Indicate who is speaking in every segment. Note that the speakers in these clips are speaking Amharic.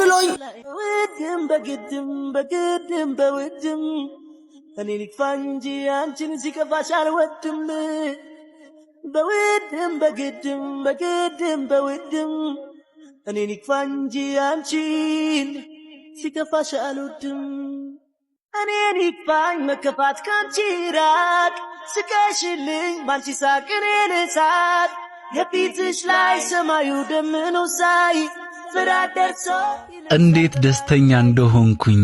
Speaker 1: ብሎኝ
Speaker 2: ውድም በግድም በግድም በውድም እኔ ልክፋ እንጂ አንቺን ሲከፋሽ አልወድም በውድም በግድም በግድም በውድም እኔ ልክፋ እንጂ አንቺን ሲከፋሽ አልወድም እኔን ይክፋኝ መከፋት ካንቺ ራቅ ስቀሽልኝ ባንቺ ሳቅ እኔ ልሳቅ የፊትሽ ላይ ሰማዩ ደምኖ ሳይ
Speaker 3: እንዴት ደስተኛ እንደሆንኩኝ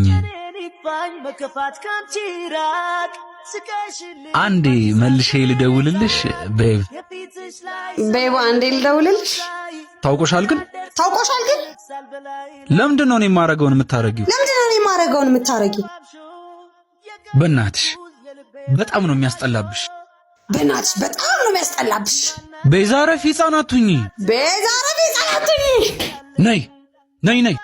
Speaker 3: አንዴ መልሼ ልደውልልሽ። ቤብ
Speaker 1: ቤቡ አንዴ ልደውልልሽ። ታውቆሻል ግን ታውቆሻል ግን
Speaker 3: ለምንድን ነው እኔ የማረገውን የምታረጊው?
Speaker 1: ለምንድን ነው እኔ የማረገውን የምታረጊው?
Speaker 3: በእናትሽ በጣም ነው የሚያስጠላብሽ።
Speaker 1: በእናትሽ በጣም ነው የሚያስጠላብሽ።
Speaker 3: ቤዛ ረፊ ህፃናቱኝ፣
Speaker 1: ቤዛ ረፊ ህፃናቱኝ
Speaker 3: ነይ ነይ ነይ።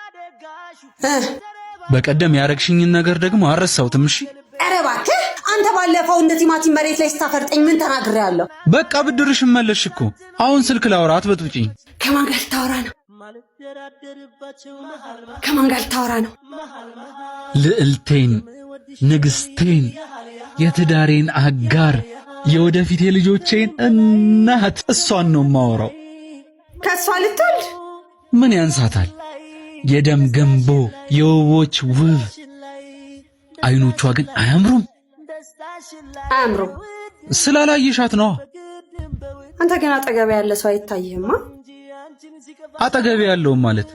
Speaker 3: በቀደም ያረግሽኝን ነገር ደግሞ አረሳውትም። እሺ፣
Speaker 1: ኧረ እባክህ አንተ ባለፈው እንደ ቲማቲም መሬት ላይ ስታፈርጠኝ ምን ያለው
Speaker 3: በቃ ብድርሽ መለስሽ እኮ። አሁን ስልክ ላውራ፣ አትበጥብጪኝ።
Speaker 1: ከማን ጋር ልታወራ ነው? ከማን ጋር ልታወራ ነው?
Speaker 3: ልዕልቴን፣ ንግስቴን፣ የትዳሬን አጋር፣ የወደፊት የልጆቼን እናት እሷን ነው የማወራው።
Speaker 1: ከእሷ ልትወልድ
Speaker 3: ምን ያንሳታል? የደም ገንቦ የውቦች ውብ። አይኖቿ ግን አያምሩም? አያምሩም ስላላየሻት ነዋ።
Speaker 1: አንተ ግን አጠገቤ ያለ ሰው አይታይህማ።
Speaker 3: አጠገቤ ያለውም ማለት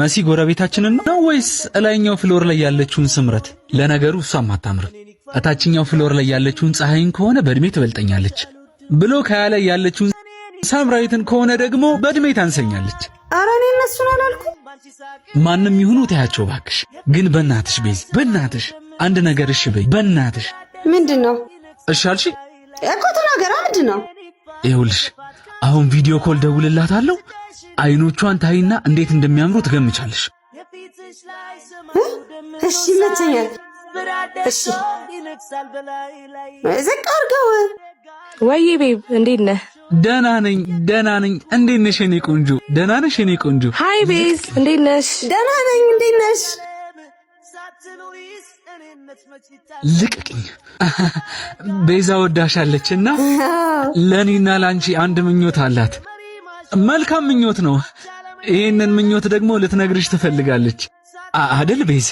Speaker 3: መሲ ጎረቤታችንን ነው ወይስ እላይኛው ፍሎር ላይ ያለችውን ስምረት? ለነገሩ እሷም አታምርም። እታችኛው ፍሎር ላይ ያለችውን ፀሐይን ከሆነ በእድሜ ትበልጠኛለች ብሎ ከያ ላይ ያለችውን ሳምራዊትን ከሆነ ደግሞ በእድሜ ታንሰኛለች።
Speaker 1: ኧረ እኔ እነሱን አላልኩ።
Speaker 3: ማንም ይሁኑ ታያቸው ባክሽ። ግን በእናትሽ ቤዝ፣ በእናትሽ አንድ ነገር እሺ በይ። በእናትሽ ምንድን ነው እሺ አልሽ
Speaker 1: እኮ ተናገራ። ምንድን ነው
Speaker 3: ይኸውልሽ፣ አሁን ቪዲዮ ኮል ደውልላታለሁ። አይኖቿን ታይና እንዴት እንደሚያምሩ ትገምቻለሽ።
Speaker 1: እሺ ይመቸኛል። እሺ ዝቅ አድርገው
Speaker 4: ወይ ቤብ እንዴት ነህ?
Speaker 3: ደህና ነኝ፣ ደህና ነኝ። እንዴት ነሽ የኔ ቆንጆ? ደህና ነሽ የኔ ቆንጆ?
Speaker 4: ሃይ ቤዝ እንዴት ነሽ?
Speaker 1: ደህና ነኝ። እንዴት ነሽ?
Speaker 3: ልቅቅኝ። ቤዛ ወዳሻለች እና ለእኔና ለአንቺ አንድ ምኞት አላት። መልካም ምኞት ነው። ይህንን ምኞት ደግሞ ልትነግርሽ ትፈልጋለች አደል ቤዝ?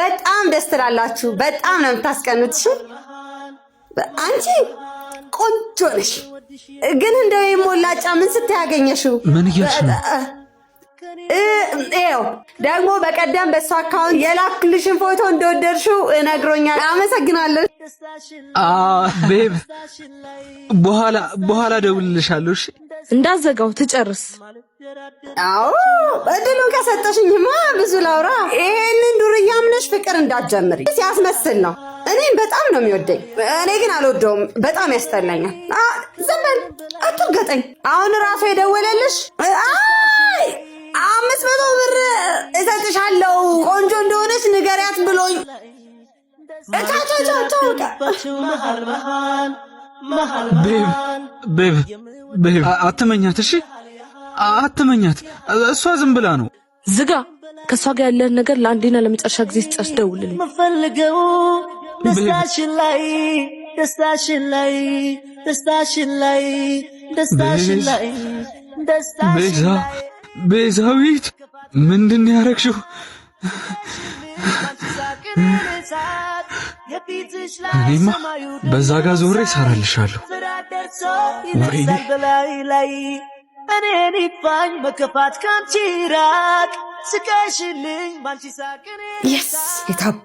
Speaker 1: በጣም ደስ ትላላችሁ። በጣም ነው የምታስቀኑት። አንቺ ቆንጆ ነሽ፣ ግን እንደ ሞላጫ ምን ስታያገኘሽው?
Speaker 3: ምን እያልሽ ነው?
Speaker 1: ይኸው ደግሞ በቀደም በእሱ አካውንት የላክልሽን ፎቶ እንደወደድሽው ነግሮኛል። አመሰግናለሁ
Speaker 3: ቤብ። በኋላ በኋላ እደውልልሻለሁ።
Speaker 4: እንዳዘጋው ትጨርስ።
Speaker 1: አዎ እድሉን ከሰጠሽኝማ ብዙ ላውራ። ይሄንን ዱርያም ነሽ ፍቅር እንዳትጀምሪ ሲያስመስል ነው እኔም በጣም ነው የሚወደኝ። እኔ ግን አልወደውም፣ በጣም ያስጠላኛል። ዝም በል አትርገጠኝ። አሁን ራሱ የደወለልሽ አምስት መቶ ብር እሰጥሻለሁ ቆንጆ እንደሆነች ንገሪያት ብሎኝ
Speaker 3: አትመኛት፣ እሺ አትመኛት። እሷ ዝም ብላ ነው
Speaker 4: ዝጋ። ከእሷ ጋር ያለህን ነገር ለአንዴና ለመጨረሻ ጊዜ ስጨርስ ደውልልኝ።
Speaker 3: ደስታሽን ላይ ደስታሽን ላይ ደስታሽን ላይ ደስታሽን ላይ ቤዛ ቤዛዊት፣ ምንድን ያረግሽው? እኔማ በዛ ጋ ዞሬ ይሰራልሻለሁ። ወይኔ እኔን ይፋኝ መከፋት ካንቺ ራቅ ስቀሽልኝ ባንቺ ሳቅኔ የታባ